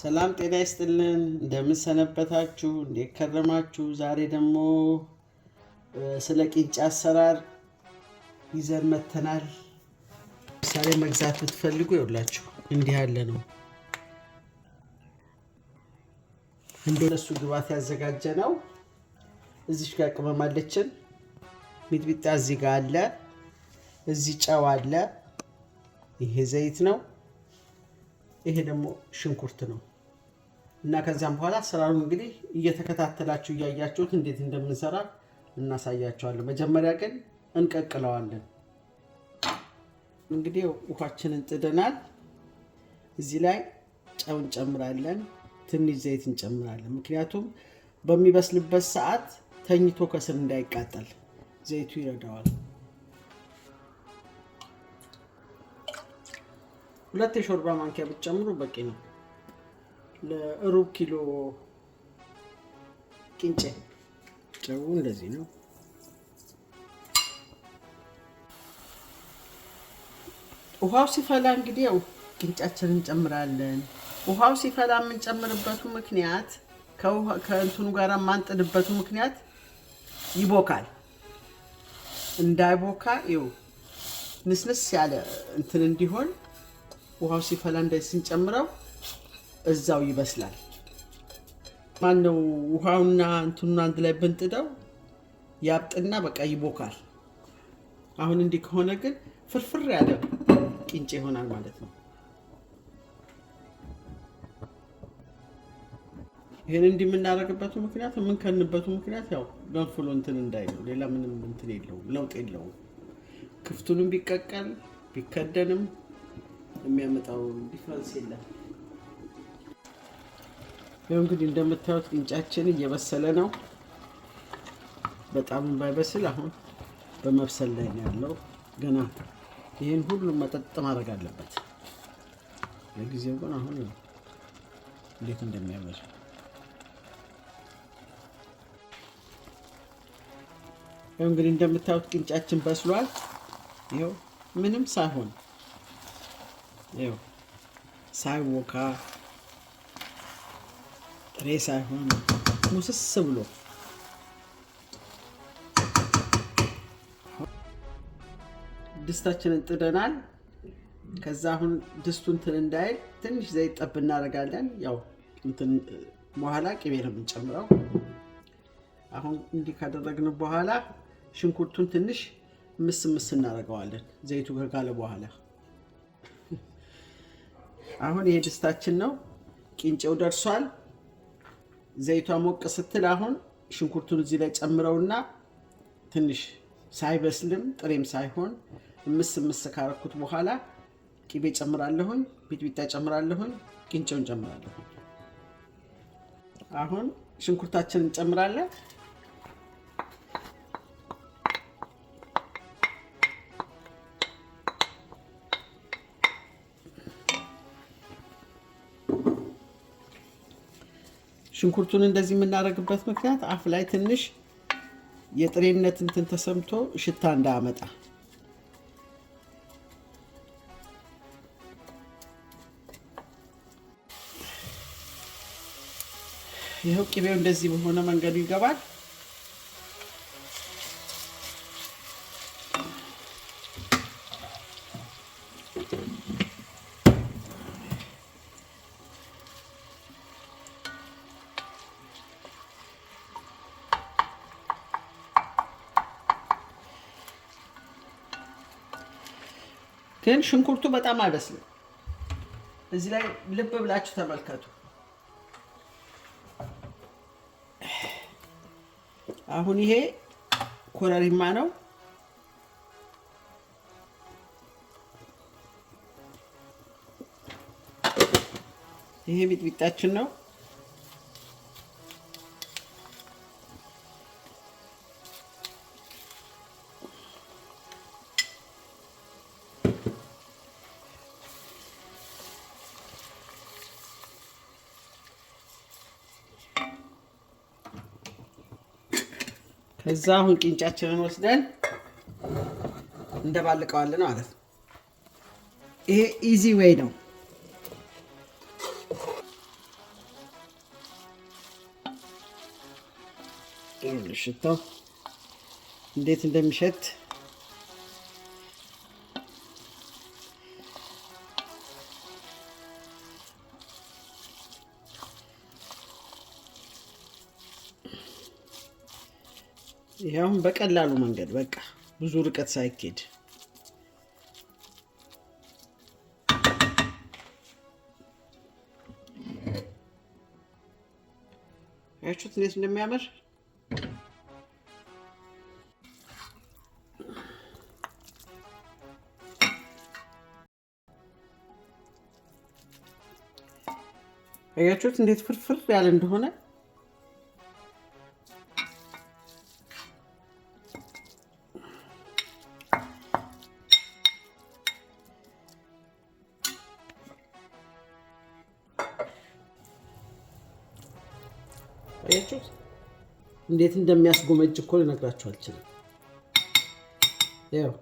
ሰላም ጤና ይስጥልን። እንደምንሰነበታችሁ፣ እንዴት ከረማችሁ? ዛሬ ደግሞ ስለ ቂንጭ አሰራር ይዘን መተናል። ምሳሌ መግዛት ብትፈልጉ ይውላችሁ እንዲህ ያለ ነው። እንደነሱ ግብዓት ያዘጋጀ ነው። እዚች ጋር ቅመም አለችን። ሚጥሚጣ እዚህ ጋር አለ። እዚህ ጨው አለ። ይሄ ዘይት ነው። ይሄ ደግሞ ሽንኩርት ነው እና ከዚያም በኋላ አሰራሩ እንግዲህ እየተከታተላችሁ እያያችሁት እንዴት እንደምንሰራ እናሳያቸዋለን። መጀመሪያ ግን እንቀቅለዋለን። እንግዲህ ውሃችንን ጥደናል። እዚህ ላይ ጨው እንጨምራለን፣ ትንሽ ዘይት እንጨምራለን። ምክንያቱም በሚበስልበት ሰዓት ተኝቶ ከስር እንዳይቃጠል ዘይቱ ይረዳዋል። ሁለት የሾርባ ማንኪያ ብትጨምሩ በቂ ነው ለሩብ ኪሎ ቅንጨ ጨው እንደዚህ ነው። ውሃው ሲፈላ እንግዲህ ያው ቅንጫችንን እንጨምራለን። ውሃው ሲፈላ የምንጨምርበቱ ምክንያት ከእንትኑ ጋር የማንጥድበቱ ምክንያት ይቦካል። እንዳይቦካ ው ንስንስ ያለ እንትን እንዲሆን ውሃው ሲፈላ እንደ ስንጨምረው እዛው ይበስላል። ማነው ውሃውና እንትኑን አንድ ላይ ብንጥደው ያብጥና በቃ ይቦካል። አሁን እንዲህ ከሆነ ግን ፍርፍር ያለ ቂንጭ ይሆናል ማለት ነው። ይህን እንዲህ የምናደርግበቱ ምክንያት የምንከንበቱ ምክንያት ያው ገንፍሎ እንትን እንዳይለው ሌላ ምንም እንትን የለውም፣ ለውጥ የለውም። ክፍቱንም ቢቀቀል ቢከደንም የሚያመጣው ዲፍረንስ የለም። ይኸው እንግዲህ እንደምታዩት ቅንጫችን እየበሰለ ነው። በጣም ባይበስል አሁን በመብሰል ላይ ነው ያለው። ገና ይህን ሁሉ መጠጥ ማድረግ አለበት። ለጊዜው ግን አሁን እንዴት እንደሚያምር ይኸው እንግዲህ እንደምታዩት ቅንጫችን በስሏል። ይኸው ምንም ሳይሆን ይኸው ሳይቦካ ጥሬ ሳይሆን ሙስስ ብሎ ድስታችንን ጥደናል። ከዛ አሁን ድስቱ እንትን እንዳይል ትንሽ ዘይት ጠብ እናደርጋለን። ያው እንትን በኋላ ቅቤ ነው የምንጨምረው። አሁን እንዲህ ካደረግን በኋላ ሽንኩርቱን ትንሽ ምስ ምስ እናደርገዋለን ዘይቱ ከጋለ በኋላ አሁን ይሄ ድስታችን ነው። ቂንጨው ደርሷል። ዘይቷ ሞቅ ስትል አሁን ሽንኩርቱን እዚህ ላይ ጨምረውና ትንሽ ሳይበስልም ጥሬም ሳይሆን ምስ ምስ ካረኩት በኋላ ቂቤ ጨምራለሁኝ፣ ቢጥቢጣ ጨምራለሁኝ፣ ቂንጨውን ጨምራለሁኝ። አሁን ሽንኩርታችንን እንጨምራለን። ሽንኩርቱን እንደዚህ የምናደርግበት ምክንያት አፍ ላይ ትንሽ የጥሬነት እንትን ተሰምቶ ሽታ እንዳያመጣ ይኸው ቅቤው እንደዚህ በሆነ መንገዱ ይገባል። ግን ሽንኩርቱ በጣም አይበስልም። እዚህ ላይ ልብ ብላችሁ ተመልከቱ። አሁን ይሄ ኮረሪማ ነው። ይሄ ሚጥሚጣችን ነው። እዛ አሁን ቂንጫችንን ወስደን እንደባልቀዋለን ማለት ነው። ይሄ ኢዚ ዌይ ነው። ሽታው እንዴት እንደሚሸት ይሄ አሁን በቀላሉ መንገድ በቃ ብዙ ርቀት ሳይኬድ ያችሁት እንዴት እንደሚያምር ያችሁት እንዴት ፍርፍር ያለ እንደሆነ አያችሁት? እንዴት እንደሚያስጎመጅ እኮ ልነግራችሁ አልችልም። ያው